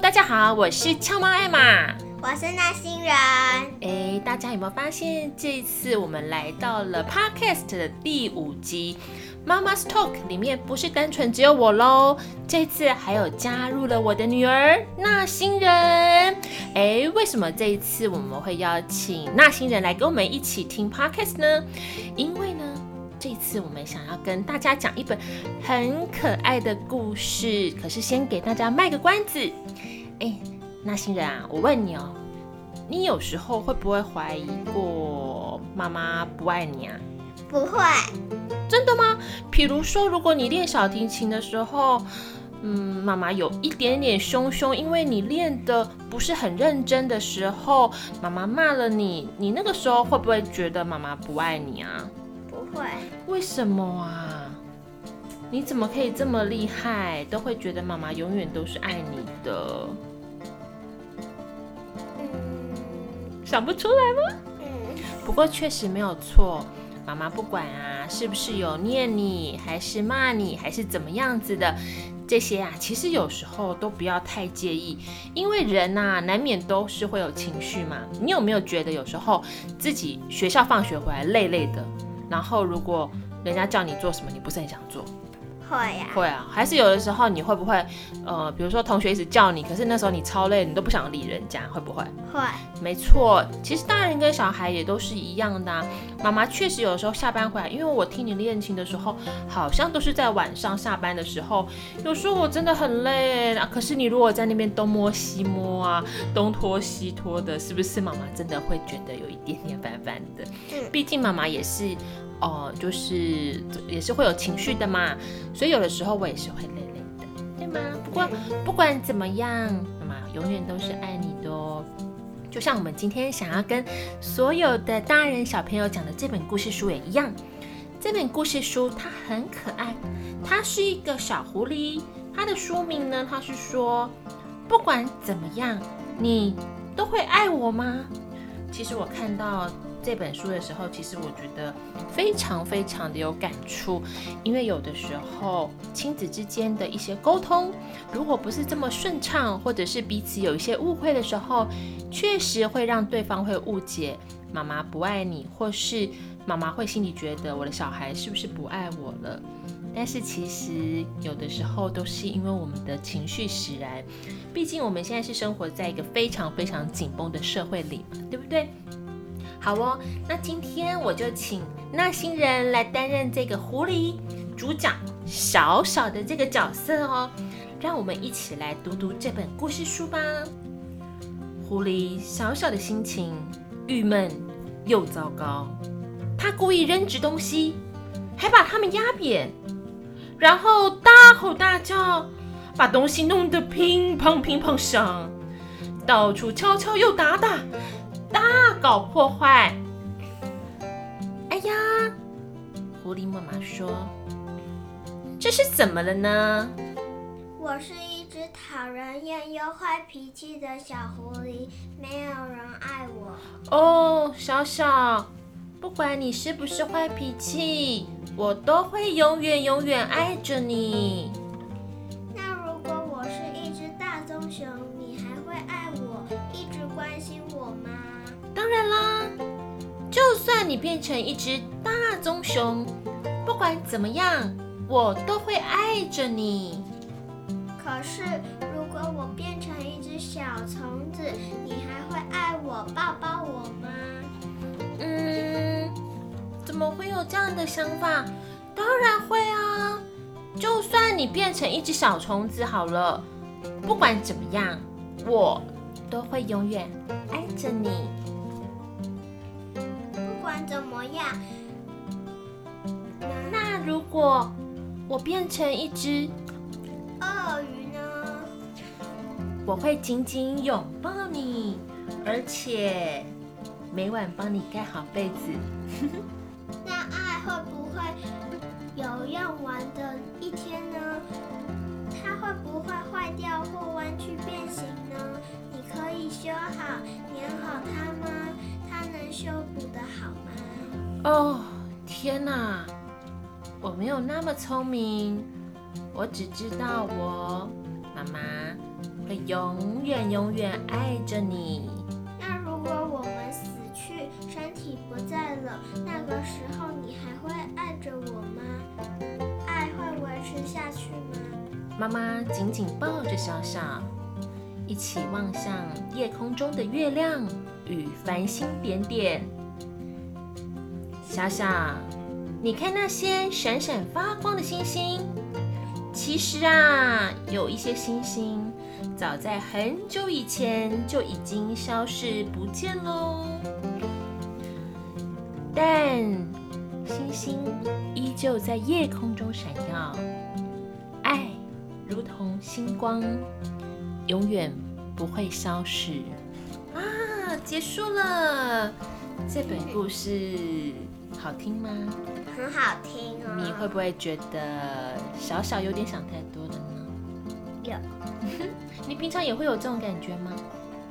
大家好，我是俏媽艾瑪，我是 NA 星人。哎，大家有沒有發現，這一次我們來到了 Podcast 的第五集《Mama's Talk》裡面，不是單純只有我嘍，這次還有加入了我的女兒 NA 星人。哎，為什麼這一次我們會邀請 NA 星人來跟我們一起聽 Podcast 呢？因為呢，這次我們想要跟大家講一本很可愛的故事，可是先給大家賣個關子。哎，那 NA 星人啊，我問你哦，你有時候會不會懷疑過媽媽不愛你啊？不會。真的嗎？比如說，如果你練小提琴的時候，嗯，媽媽有一點點凶凶，因為你練的不是很認真的時候，媽媽罵了你，你那個時候會不會覺得媽媽不愛你啊？為什麼啊？你怎麼可以這麼厲害？都會覺得媽媽永遠都是愛你的。想不出來嗎？不過確實沒有錯，媽媽不管啊，是不是有念你，還是罵你，還是怎麼樣子的，這些啊，其實有時候都不要太介意，因為人啊，難免都是會有情緒嘛。你有沒有覺得有時候自己學校放學回來累累的？然後，如果人家叫你做什麼，你不是很想做。會呀，會啊，還是有的時候你會不會，呃，比如說同學一直叫你，可是那時候你超累，你都不想理人家，會不會？會，沒錯。其實大人跟小孩也都是一樣的，啊，媽媽確實有時候下班回來，因為我聽你練琴的時候，好像都是在晚上下班的時候，有時候我真的很累。啊，可是你如果在那邊東摸西摸啊，東拖西拖的，是不是媽媽真的會覺得有一點點煩煩的？嗯，畢竟媽媽也是。哦、呃，就是也是會有情緒的嘛，所以有的時候我也是會累累的，對嗎？不過不管怎麼樣，媽、嗯、媽永遠都是愛你的哦。就像我們今天想要跟所有的大人小朋友講的這本故事書也一樣，這本故事書它很可愛，它是一個小狐狸。它的書名呢，它是說，不管怎麼樣，你都會愛我嗎？其實我看到這本書的時候，其實我覺得非常非常的有感觸，因為有的時候親子之間的一些溝通，如果不是這麼順暢，或者是彼此有一些誤會的時候，確實會讓對方會誤解媽媽不愛你，或是媽媽會心裡覺得我的小孩是不是不愛我了。但是其實有的時候都是因為我們的情緒使然，畢竟我們現在是生活在一個非常非常緊繃的社會裡嘛，對不對？好哦，那今天我就請 NA 星人來擔任這個狐狸主角小小的這個角色哦，讓我們一起來讀讀這本故事書吧。狐狸小小的心情鬱悶又糟糕，他故意扔擲東西，還把他們壓扁。然後大吼大叫，把東西弄得乒乓乒乓響，到處敲敲又打打，大搞破壞。哎呀，狐狸媽媽說：“這是怎麼了呢？”我是一隻討人厭又壞脾氣的小狐狸，沒有人愛我。哦，小小，不管你是不是壞脾氣。我都會永遠永遠愛着你。那如果我是一隻大棕熊，你還會愛我，一直關心我嗎？當然啦，就算你變成一隻大棕熊，不管怎麼樣，我都會愛着你。可是如果我變成一隻小蟲子，你還會愛我、抱抱我嗎？我會有這樣的想法，當然會啊！就算你變成一隻小蟲子好了，不管怎麼樣，我都會永遠愛着你。不管怎麼樣，那如果我變成一隻鱷魚呢？我會緊緊擁抱你，而且每晚幫你蓋好被子。 要玩的一天呢？它會不會壞掉或彎曲變形呢？你可以修好、粘好它嗎？它能修補的好嗎？哦，天哪！我沒有那麼聰明，我只知道我媽媽會永遠永遠愛着你。媽媽緊緊抱着小小，一起望向夜空中的月亮與繁星點點。小小，你看那些閃閃發光的星星，其實啊，有一些星星早在很久以前就已經消失不見嘍。但星星依舊在夜空中閃耀。如同星光，永遠不會消失啊！結束了，這本故事好聽嗎？很好聽哦。你會不會覺得小小有點想太多了呢？有。 你平常也會有這種感覺嗎？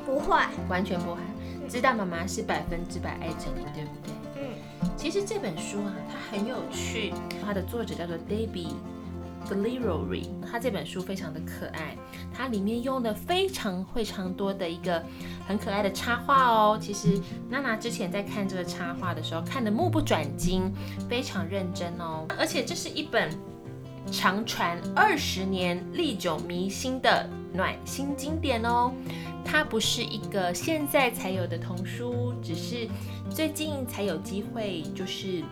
不會，完全不會。知道媽媽是百分之百愛着你，對不對？嗯、其實這本書啊，它很有趣，它的作者叫做 Debbie《The Library》，它這本書非常的可愛，它裡面用了非常非常多的一個很可愛的插畫哦。其實娜娜之前在看這個插畫的時候，看得目不轉睛，非常認真哦。而且這是一本長傳二十年、歷久彌新的暖心經典哦。它不是一個現在才有的童書，只是最近才有機會，就是。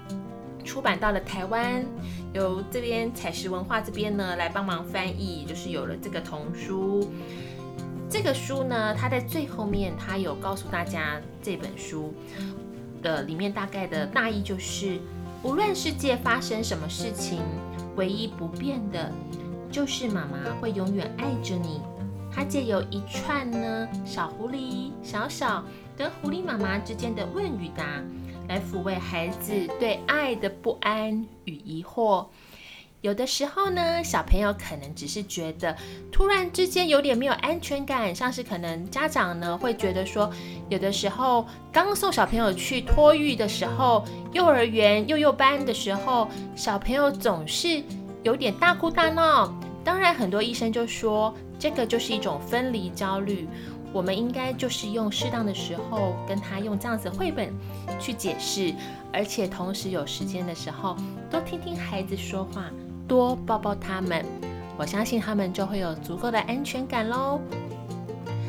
出版到了台灣，由這邊采石文化這邊呢來幫忙翻譯，就是有了這個童書。這個書呢，它在最後面，它有告訴大家這本書的裡面大概的大意就是，無論世界發生什麼事情，唯一不變的，就是媽媽會永遠愛着你。它借由一串呢小狐狸小小跟狐狸媽媽之間的問與答。來撫慰孩子對愛的不安與疑惑。有的時候呢，小朋友可能只是覺得突然之間有點沒有安全感，像是可能家長呢會覺得說，有的時候剛送小朋友去托育的時候，幼兒園幼幼班的時候，小朋友總是有點大哭大鬧。當然，很多醫生就說。這個就是一種分離焦慮，我們應該就是用適當的時候跟他用這樣子的繪本去解釋，而且同時有時間的時候多聽聽孩子說話，多抱抱他們，我相信他們就會有足夠的安全感嘍。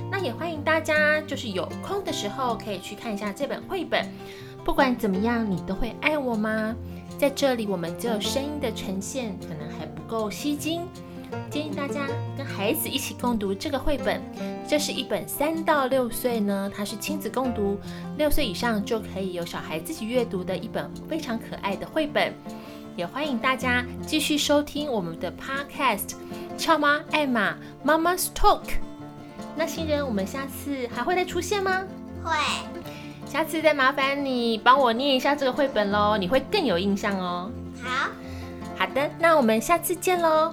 那也歡迎大家就是有空的時候可以去看一下這本繪本，不管怎麼樣你都會愛我嗎？在這裡我們只有聲音的呈現，可能還不夠吸睛。建議大家跟孩子一起共讀這個繪本，這是一本三到六歲呢，它是親子共讀，六歲以上就可以有小孩自己閱讀的一本非常可愛的繪本。也歡迎大家繼續收聽我們的 Podcast《俏媽艾瑪 Mama's Talk 》。那 NA 星人，我們下次還會再出現嗎？會。下次再麻煩你幫我念一下這個繪本咯，你會更有印象哦。好。好的，那我們下次見嘍。